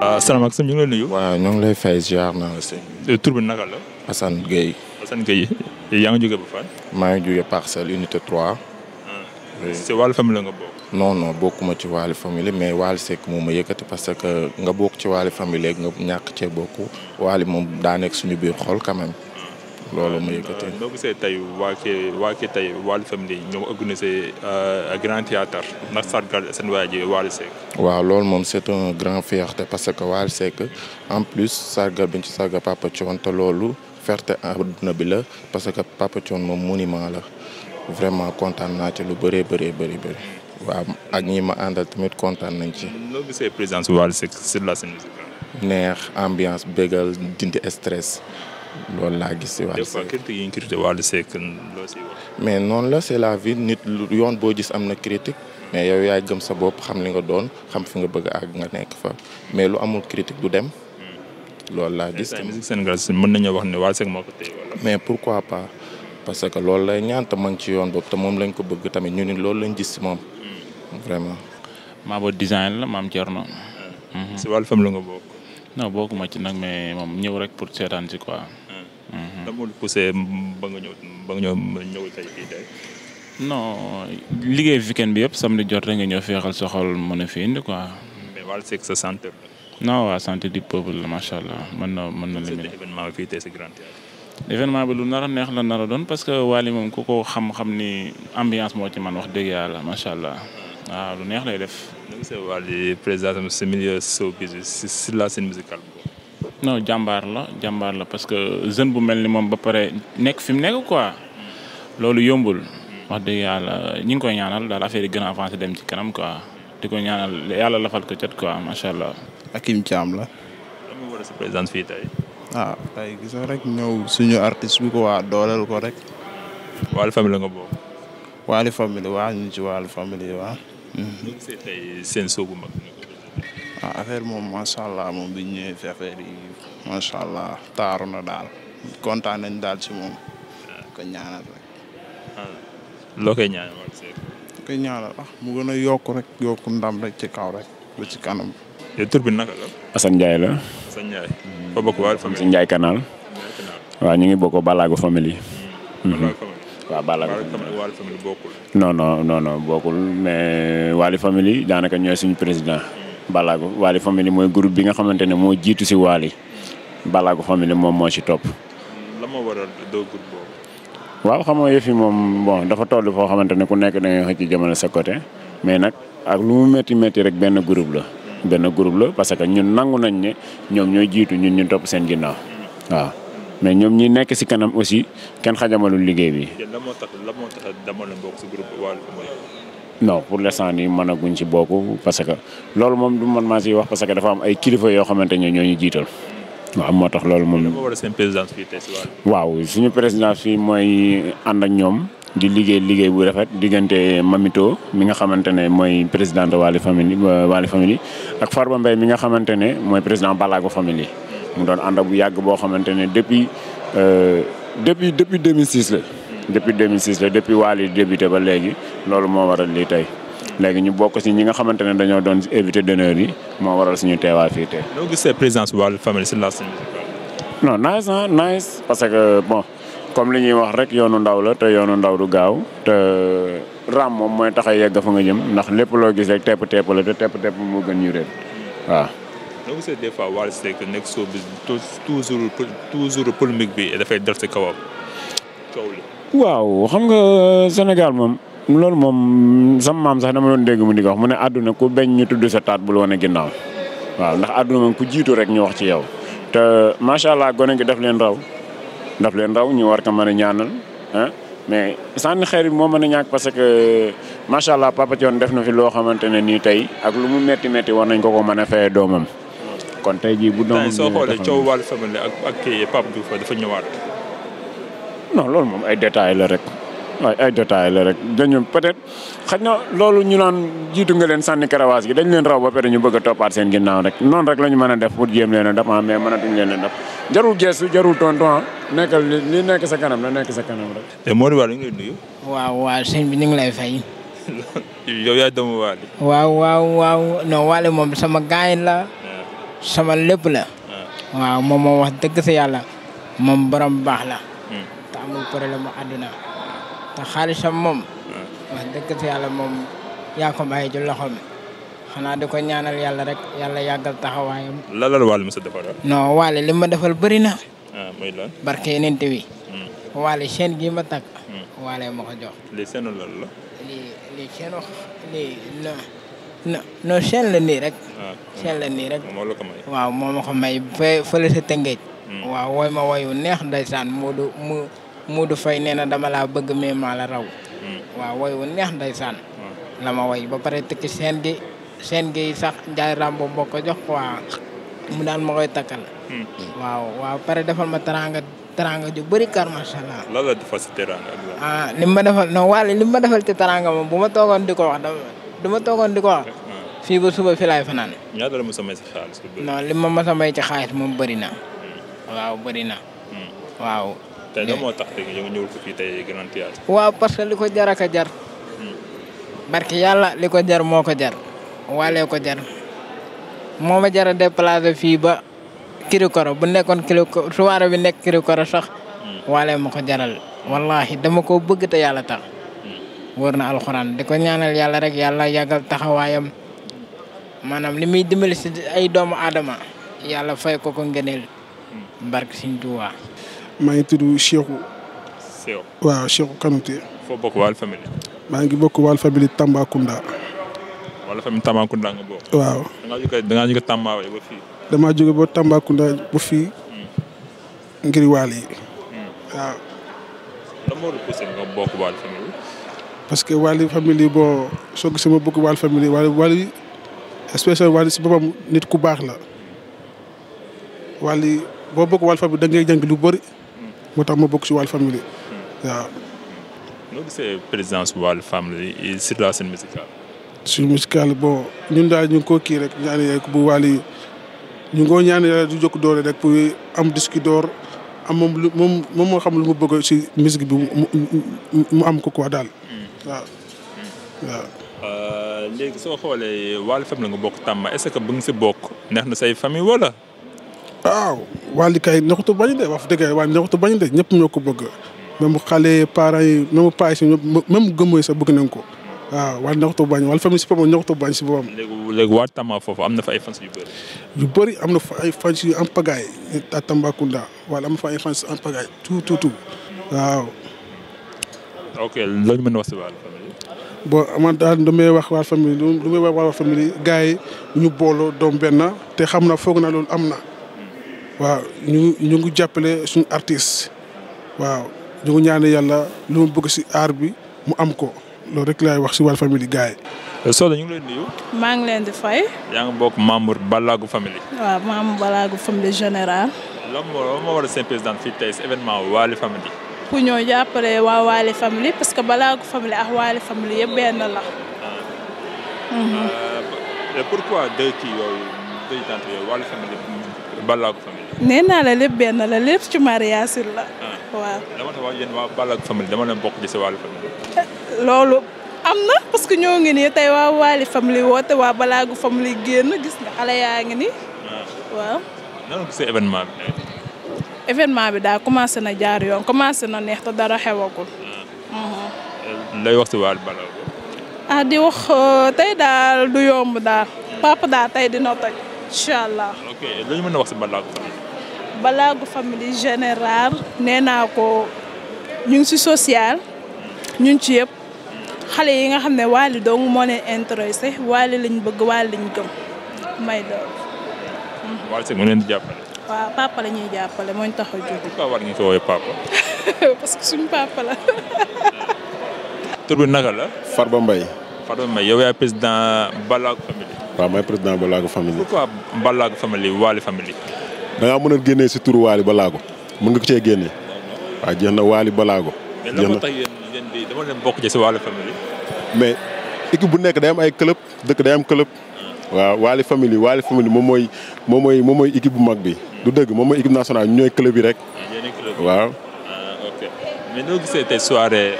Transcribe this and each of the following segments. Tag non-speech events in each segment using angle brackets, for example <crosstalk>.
Ah, asalaamaaleykum sëñ ñu ngi lay nuyu. waaw ñu ngi lay fay ziar naa la sëñ. Eh, tur bi naka la. Assane Gueye. Assane Gueye eh, yaa ngi jógee ba fan. maa ngi jógee parcelle unité 3. Ah. si wàllu famille la nga bokk. non non bokkuma ci wàllu famille mais wàllu seek moom ma yëkkati parce que nga bokk ci wàllu famille nga ñàkk cee bokk wàllu moom daa nekk suñu biir xool quand loolu ma yëkkati. noo tey waa waa kii tey Wally Family ñoom organisé euh, grand théâtre ndax sargal seen waa ji Wally Seck. waaw loolu moom c'est un grand fierté parce que Wally Seck en plus sargal biñ ñu ci sargal Papa Thione te loolu fierté àdduna bi la parce que Papa Thione moom monument la vraiment kontaan naa ci lu bëree bëree bëri bëri. waaw ak ñii ma àndal tamit kontaan nañ ci. noo gisee présence Wally Seck sur la scène musicale. neex ambiance bégal dindi stress. loolu laa gis si waa Seck. des yi ñu critiqué Wally Seck loo siy mais noonu la c'est la vie nit yoon boo gis am na critique mais yow yaay gëm sa bopp xam li nga doon xam fi nga bëgg àgg nga nekk fa mais lu amul critique du dem. loolu laa gis. musique Sénégal mën nañoo wax ne Wally Seck moo ko téye wala. mais pourquoi pas parce que loolu lay ñaan te man ci yoon boobu te moom lañ ko bëgg tamit ñu ni loolu lañ gis si moom. Hmm. vraiment. Mabo design la maam Thierno. si ah. mhm. wàllu fam la nga bokk. non bokkuma ci nag mais moom ñëw rek pour seetaan si quoi. lan moo poussé ba nga ñëw ba nga ñëw tey fii tey. liggéey weekend bi yëpp samedi jot rek nga ñëw feexal soxal mën a fi indi quoi. mais Wally Seck sa centre la. non waa santé du peuple la macha allah mën na mën na. limité événement bi fii tey si événement bi lu nar a neex la nar a doon parce que Wally moom ku ko xam-xam ni ambiance moo ci man wax dëgg yàlla macha allah. waaw lu neex lay def. na nga gisee la scène musicale. non jàmbaar la jàmbaar la parce que jeune bu mel ni moom ba pare nekk fi mu nekk quoi loolu yombul wax dëgg yàlla ñi ngi koy ñaanal daal affaire yi gën a dem ci kanam quoi di ko ñaanal yàlla lafal ko cat quoi macha allah. Hakim Thiam la. dama war a sa présence tey. ah tey gis rek ñëw suñu artiste bi ko waa dooleel ko rek. Wally Family nga bokk. Wally Family waa ñu ci Wally Family waa. ñu seen soobu mag. waaw ah, affaire moom macha allah moom bi ñu ñëwee fi affaire yi macha allah taaru na daal kontaan nañ daal si moom. Ah. ko ñaanal rek. Ah. loo koy ñaanal mu gën a yokk rek yokk ndam rek ci kaw rek ba ci kanam. yow tur bi la. Assane Ndiaye la. Assane Ndiaye. bokk waa famille si Ndiaye waaw ñu ngi bokk Balago famille. Hmm. Hmm. waaw Balago famille Waly famille bokkul. non non non non daanaka ñooy suñu président. Hmm. balaa Balago Wally Family mooy groupe bi nga xamante ne moo jiitu si Wally Balago Family moom moo ci topp. la moo waral doo waaw xam nga yëf moom bon dafa toll foo xamante ne ku nekk da ngay xëcc jamono sa côté mais nag ak lu mu métti métti rek benn groupe la. benn groupe la parce que ñun nangu nañ ne ñoom ñooy jiitu ñun ñu topp seen ginnaaw waaw mais ñoom ñi nekk ci kanam aussi kenn xa xajamalul liggéey bi. lan moo tax lan moo tax dama si groupe Wally non pour l'instant nii mën a guñ ci bokk parce que loolu moom du man maa siy wax parce que dafa am ay kilifa yoo xamante ne ñoo ñu jiital waaw moo tax loolu moom. waaw suñu président fii mooy ànd ak ñoom di liggéey liggéey bu rafet diggante Mamito mi nga xamante ne mooy présidente Wally Family euh, Wally Family ak Farba Mbaye mi nga xamante ne mooy président Balago Family mu doon ànd bu yàgg boo xamante ne depuis euh, depuis depuis 2006 la. depuis 2006 la depuis Wally débuté ba léegi loolu moo waral lii tey léegi ñu bokk si ñi nga xamante ne dañoo doon éviter d'honneur yi moo waral suñu teewaay fii tey. noo gisee présence si la scène non nice ah nice parce que bon comme li ñuy wax rek yoonu ndaw la te yoonu ndaw du gaaw te ram moom mooy tax a yegg fa nga jëm ndax lépp loo gis rek tepp tepp la te tepp tepp moo gën ñu réer waaw. noo gisee des fois Wally Seck nekk soo bi toujours toujours polémique bi dafay dal si kawam coow li. waaw xam nga euh, Sénégal moom loolu moom sama maam sax dama doon dégg mu di ko mu ne àdduna ku beñ ñu tudd sa taat bul wane ginnaaw waaw ndax àdduna moom ku jiitu rek ñu wax ci yow. te macha allah gone gi daf leen raw daf leen raw ñu war ko mën a ñaanal ah mais sànni xeer bi moo mën a ñàkk parce que euh, macha allah Papa Thione def na fi loo xamante ne nii tey ak lu mu métti métti war nañ ko ko mën a fayee doomam. kon tey jii bu doomam. soo xoolee coow wàllu famille ak ak Pape Diouf dafa ñëwaat. non loolu moom ay détails la rek waaye ay détails la rek dañu peut-être xaj na loolu ñu naan jiitu nga leen sànni karawaas gi dañ leen raw ba pare ñu bëgg a toppaat seen ginnaaw rek noonu rek la ñu mën a def pour jéem leen a def ah mais leen a def jarul geesu jarul tontu ah nekkal li li nekk sa kanam la nekk sa kanam rek. te Modou Wally ñu waaw waaw sëñ ñu ngi lay fay. <laughs> yow yaa doomu Wally. waaw waaw waaw non Wally moom sama gaay la. sama lépp la. waaw moom moo wax dëgg sa yàlla moom borom baax la. Hmm. amul problème mu àdduna te xaalisam moom. wax dëgg si yàlla moom yaa ko bàyyi ci loxoom xanaa di ko ñaanal yàlla rek yàlla yàggal taxawaayam. lan la Wally mos a defal non Wally li ma defal bëri ah, barke yeneen wi. Hmm. Wally chaîne gii ma takk. Hmm. Wally ma ko jox. lii seenu lan la. lii rek. waaw chaîne la ah, hmm. may waaw fële sa tëngeej. waaw wooy ma wooyu neex ndeysaan mu. Modou Faye nee na dama laa bëgg mais maala raw. Hmm. waaw woy wu neex ndeysaan. la hmm. ma woy ba pare tëkki seen gi seen gi sax Ndiaye Rambo boo ko jox waa mu daan ma koy takkal. Hmm. waaw waaw pare defal ma teraanga teraanga ju bëri kar macha allah. lan la defal si teraanga ah ma defal non waa li ma defal ci teraanga moom bu ma toogoon di ko wax dama du di ko wax. fii ba suba fi laay fanaan. ñaata la mos a may ci xaalis. non li ma mos a may ci xaalis moom bëri na. waaw na. waaw. tey waaw parce que li ko jarak a jar. Hmm. barki yàlla li ko jar moo ko jar. waalee ko jar moo ma jar a fii ba Kirikoro bu nekkoon Kirikoro soirée bi nekk Kirikoro sax. Hmm. waalee ma ko jaral wallahi dama ko bëgg te yàlla tax. Hmm. wóor na alxuraan di ko ñaanal yàlla rek yàlla yàggal taxawaayam maanaam li muy dimbali si ay doomu aadama yàlla fay ko ko ngëneel. barke Sëñ Tuubaa maa ngi tudd Cheikhou. Cheikhou bokk Wal Family. maa ngi bokk Wal Tambacounda. Wal Family Tambacounda nga jóge da ngaa jóge Tamba fii. damaa jóge ba Tambacounda ba fii. Hmm. ngir waal yi. Hmm. parce que Wal Family boo soo gisee ma bokk Wal Family Wal Wal spécial Wal si boppam nit ku baax la. Wal boo bokk Wal Family da ngay lu bari moo tax ma bokk si Walf Family hmm. waaw. noo gisee présidence bu Walf Family sur la scène musicale. sur musicale bon ñun daal ñu ngi ko kii rek ñaan yàlla bu Wally ñu ngi ko ñaan yàlla du jokk doole rek pour am disque door am moom lu moom moom moo xam lu mu bëgg si musique bi mu am ko quoi daal hmm. waaw hmm. Euh, léegi soo xoolee Wally Family nga bokk Tamba est-ce que bu nga si bokk neex na say famille wala. waaw Wally kay neexutu bañ de wax dëgg waa neexutu bañ de ñëpp ñoo ko bëgg même xale parents yi même paa yi si même gëmmo nañ ko waaw Wally neexutu bañ Wally famille si boppam neexutu bañ si boppam. léegi léegi waa Tamba foofu am na fa ay fans yu bëri. yu bëri am na fa ay fans yu am pagaille Tambacounda wala am na fa ay tout tout tout waaw. ok loolu mën na wax si Wally daal lu wax waa famille lu may wax waa famille gars yi ñu booloo doom benn te xam na foog na loolu am na. waaw ñu ñu ngi jàppale suñu artiste waaw ñu ngi ñaane yàlla lu mu bëgg si aar bi mu am ko loolu rek laay wax si wàllu famille gars yi. Euh, Soda ñu ngi leen di nuyu. maa ngi leen di fay. yaa ngi bokk membre Balagu famille. waaw membre Balagu famille général. lan moo moo war fii tey si événement Waly famille. pour ñoo jàppale waa parce que Balagu famille ak Waly famille yëpp benn la. Euh, mhm. euh, pourquoi deux nee naa la lépp benn la lépp ci mariage la ah. waaw. dama tax wax yéen waa Ballack famille dama leen bokk loolu am na parce que ñoo ngi nii tey waa Waly famille woote waa Ballagu famille génn gis nga xale yaa ngi nii. Ah. waaw. nan nga gisee événement bi. événement bi daal commencé na jaar yoon commencé na neex ta dara xewagul. Ah. Mhm. Eh, lay wax si Waly Ballago. di wax euh, tey daal du yomb daal. papa daal tey dina toj. incha allah. ok lu ñu mën a wax si Ballago Balago Family général nee naa ko ñu ngi si social ñu ngi ci yëpp xale yi nga xam ne Wally dong moo leen intéressé Wally lañ bëgg Wally lañ gëm may doon. Mm-hmm. Wally Seck moo leen di ñuy jàppale moo ñu tax a ko woowee papa. <laughs> parce que suñu papa la. <laughs> tur bi naka la. Farba Mbaye. Farba yow yaay président Balago Family. waaw mooy président Balago Family. pourquoi Balago Family Wally Family. da mën a génnee si turu Waly Balago mën nga ko cee génne waaw jeex na Waly Balago. jeex na mais lan moo dama leen bokk ci si Waly famille. mais équipe bu nekk day am ay club dëkk day am club. waaw Waly famille Waly famille moom mooy moom mooy moom mooy équipe bu mag bi. du dëgg moom mooy équipe ñooy club yi rek. Ah, waaw. Ah, ok mais noo gisee tey soirée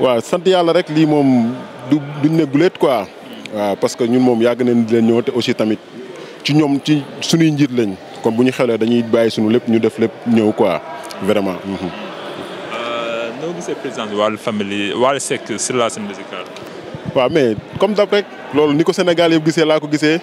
waa sant yàlla rek lii moom du duñ ne guleet ko hmm. waaw parce que ñun moom yàgg nañ leen ñëw te aussi tamit ci ñoom ci suñuy njiit lañ. kon bu ñu xewlee dañuy bàyyi suñu lépp ñu def lépp ñëw quoi vraiment. Euh, noo gisee présence Wally Family Wally Seck sur la scène musicale. mais comme d'hab rek loolu ni ko Sénégal yëpp gisee laa ko gisee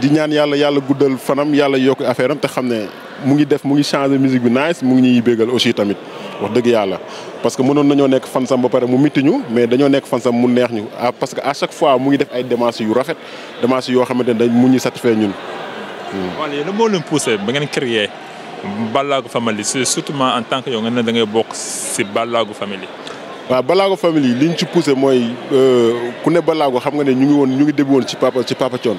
di ñaan yàlla yàlla guddal fanam yàlla yokk affaire te xam ne mu ngi def mu ngi changer musique bi nice mu ngi ñuy bégal aussi tamit wax dëgg yàlla. parce que mënoon nañoo nekk fansam ba pare mu mitti ñu mais dañoo nekk fansam mu neex ñu ah parce que à chaque fois mu ngi def ay démarches yu rafet démarches yoo xamante ne dañ mu ñuy satisfaire ñun. wala yéen moo leen poussé ba ngeen créer Balago famille surtout en tant que yow nga ne da ngay bokk si Balago famille. waaw Balago famille li ñu ci poussé mooy euh, ku ne Balago xam nga ne ñu ngi woon ñu ngi débbi woon ci papa ci papa Thion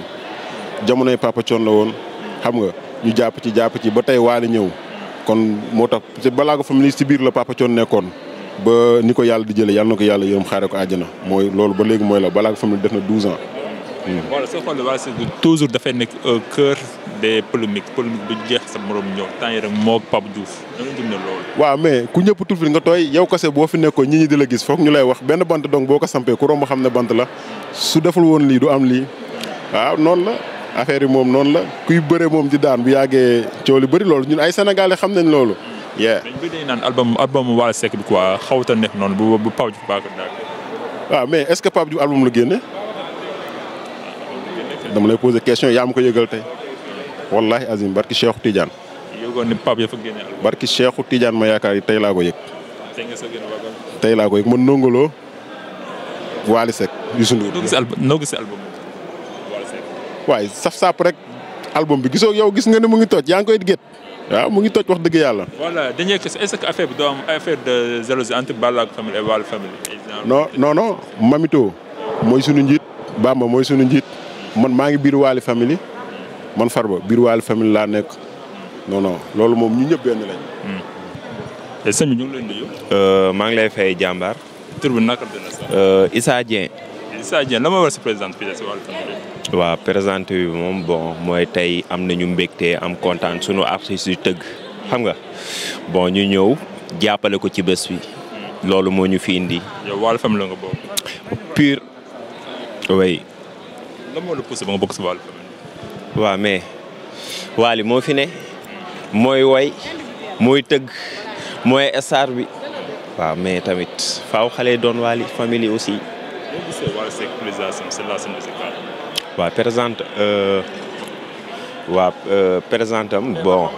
jamonoy papa Thion la woon xam nga ñu jàpp ci jàpp ci ba tey waale ñëw kon moo tax Balago famille si biir la papa Thion nekkoon ba ni ko yàlla di jëlee yàlla na ko yàlla yërëm xaare ko àjjana mooy loolu ba léegi mooy la Balago famille def na 12 ans. wala hmm. soo nekk cœur. de polémiques polémique bu jeex sa morom ñëw temps yii moo Pape Diouf da waaw mais ku ñëpp tuuti nga tooy yow kase boo fi nekkoon ñi ñi di la gis foog ñu lay wax benn bant donc boo ko sampee ku romb xam ne bant la su deful woon lii du am lii waaw noonu la affaire yi moom noonu la kuy bëre moom di daan bu yàggee li bëri loolu ñun ay sénégalais xam nañ loolu. yeah mais bii day naan album album Wally Seck bi quoi xawut noonu bu bu Pape Diouf baax a waaw mais est-ce que Pape Diouf album la génne. Ah, dama lay poser question yaa ma ko yëgal tey. wallahi azim barki Cheikhu Tidiane. yëgoon ni Pape ya fa génne barki Cheikhu Tidiane ma yaakaar yi tey laa yëg. tey laa ko yëg man Ndongo Lo Waly Seck Youssou Ndour. noo gisee album waaye saf saap rek album bi gisoo yow gis nga ne mu ngi toj yaa ngi koy gét. waaw mu ngi toj wax dëgg yàlla. voilà dernière question affaire bi doo am affaire de jalousie entre Balla famille et Waly famille. non Mamito mooy sunu njiit Bamba mooy sunu njiit man maa ngi biir Waly famille man Farba biir Waly famille laa nekk non loolu moom ñu ñëpp benn lañ. Hmm. sëñ lay nuyu. Euh, maa ngi lay fay jàmbaar. tur bi naka la sax. Euh, Issa Dieng. Issa moom bon mooy tey am na nañu mbégte am kontaan sunu artiste yu tëgg xam nga bon ñu ñëw jàppale ko ci bés bi. loolu moo ñu fi indi. yow Waly famille la nga bokk. waaw mais Wally moo fi ne mooy way mooy tëgg mooy star bi waaw mais tamit faaw xale doon Wally famille aussi. waaw présente euh, waaw euh, présente am bon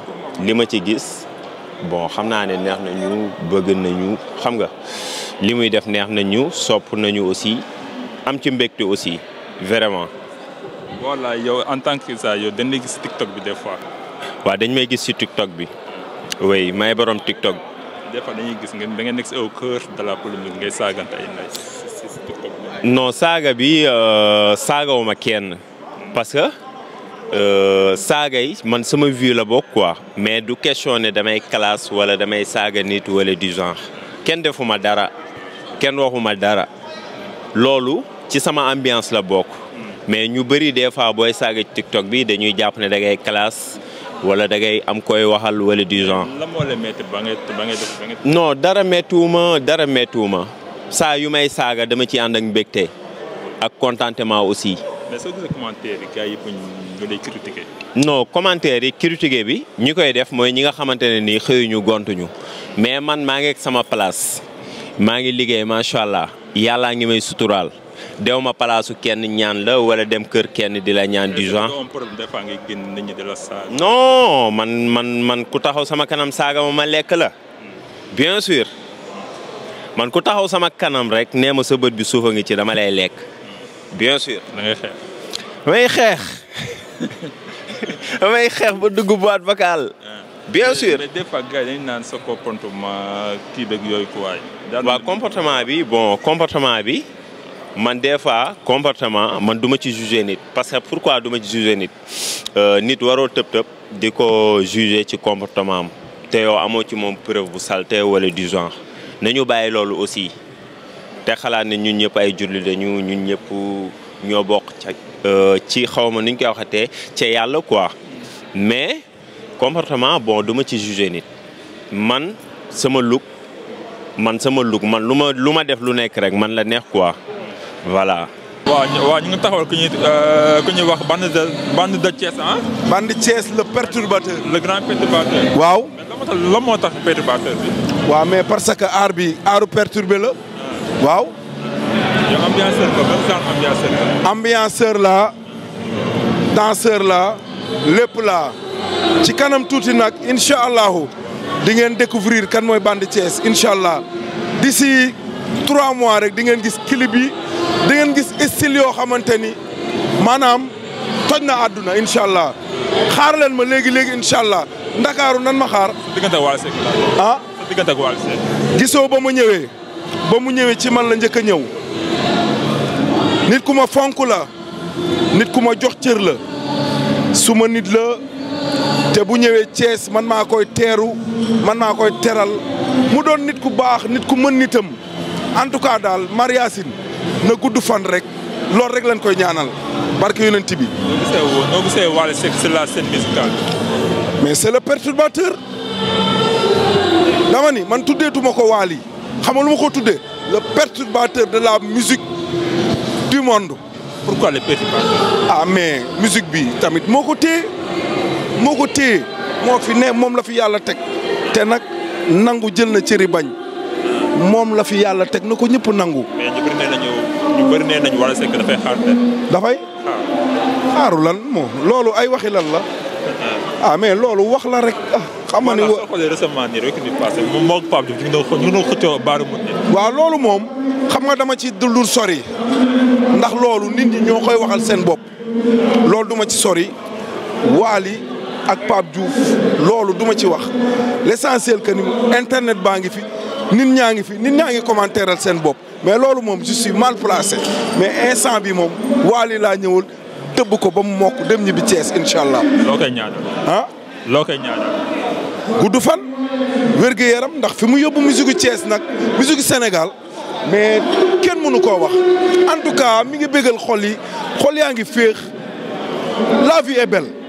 li ma ci gis bon xam naa ne neex nañu bëgg na nañu xam nga li muy def neex na nañu sopp nañu aussi am ci mbégte aussi vraiment. voilà en tant que ça yow dañ gis TikTok bi des fois. waaw dañ may gis si TikTok bi. oui may borom TikTok. des gis ngeen da ngeen nekk si au cœur de la polémique ngay saagante ay bi. non saaga bi euh, saagawuma kenn. parce que euh, saaga yi man sama vie la bokk quoi. mais du question ne damay classe wala damay saaga nit wala du genre. kenn defuma dara kenn waxuma dara loolu ci sama ambiance la bokk. mais ñu bëri des fois booy saaga ci TikTok bi dañuy jàpp ne da ngay classe wala da am koy waxal wala du genre. lan ba ngay ba ngay def ba ngay. dara méttiwuma saa yu may saaga dama ci ànd ak mbégte ak contentement aussi. no soo gisee yi gars yëpp ñu bi ñi koy def mooy ñi nga xamante ne nii xëyuñu gontuñu mais man maa ngi ak sama place maa ngi liggéey macha allah yàllaa ngi may suturaal. dew ma palaasu kenn ñaan la wala dem kër kenn di la ñaan du genre. non man man man ku taxaw sama kanam saaga ma ma lekk la. bien sûr man ku taxaw sama kanam rek nee ma sa bët bi suuf a ngi ci dama lay lekk. bien sûr da xeex. damay xeex damay xeex ba dugg boîte vocale. bien sûr mais des naan sa comportement kii beeg yooyu kuwaay. waaw comportement bi. man des fois comportement man duma ci jugé nit parce que pourquoi du ma ci jugé nit euh, nit waroo tëb-tëb di ko jugé ci comportement am te yow amoo ci moom preuve bu salte wala du genre nañu bàyyi loolu aussi te xalaat ne ñun ñëpp ay julli dañu ñun ñëpp ñoo bokk ca euh, ci xawma ma nuñ koy waxatee ca yàlla quoi mais comportement bon duma ci jugé nit man sama look man sama look man lu ma lu ma def lu nekk rek man la neex quoi voilà. waaw ñu ngi taxawal ku ñuy euh, ku ñuy wax bande de bande de Thiès ah. bande Thiès le perturbateur. le grand perturbateur. waaw mais lan moo tax perturbateur bi. waaw mais parce que aar bi aaru perturbé la. waaw. yow ambianceur la ban genre la. ambianceur la danseur la lépp la ci kanam tuuti nag incha allahu di ngeen découvrir kan mooy bande Thiès incha allah d'ici trois mois rek di ngeen gis clip yi. di ngeen gis style yoo xamante ni maanaam toj na àdduna incha allah xaar ma léegi léegi incha allah ndakaaru nan ma xaar. diggante Wally Seck ah diggante ak Wally Seck gisoo ba ma ñëwee ba mu ñëwee ci man la njëkk a ñëw nit ku ma fonk la nit ku ma jox cër la su ma nit la te bu ñëwee Thiès man maa koy teeru man maa koy teral mu doon nit ku baax nit ku mën nitam en tout cas daal Maria Sine na gudd fan rek loolu rek lañ koy ñaanal barke yonent bi. noo gisee Wally la scène musicale. mais c'est le perturbateur dama ni man tuddeetuma ko Wally xam nga lu ma ko tuddee le perturbateur de la musique du monde. pourquoi ah, mais musique bi tamit moo ko téye moo ko téye moo fi ne moom la fi yàlla teg te nag nangu jël na cëri bañ. moom la fi yàlla teg na ko ñëpp nangu. mais nee nañu ñu bëri nee nañu Wally Seck dafay xaar lan moom loolu ay waxi lan la. ah, ah mais loolu wax la rek ah, xam nga ni waaw soo xoolee nii rek ni passé moom moog Pape Diouf ñu ngi doon xëccoo baaru waaw loolu moom xam nga dama ci dul sori ndax loolu nit ñi ñoo koy waxal seen bopp loolu duma ci sori Wally ak Pape juuf loolu duma ci wax l'essentiel que ni internet baa ngi fi. nit ñaa ngi fi nit ñaa ngi commentéeral seen bopp mais loolu moom je mal placé mais instant bi moom Wally laa ñëwul tëbb ko ba mu mokk dem ñibbi Thiès incha allah. loo koy ñaanal. ah loo koy ñaanal. gudd fan wérgu yaram ndax fi mu yóbbu musique Thiès nag musique Sénégal mais kenn mënu koo wax en tout mi ngi bégal xol yi xol yaa ngi féex la vie est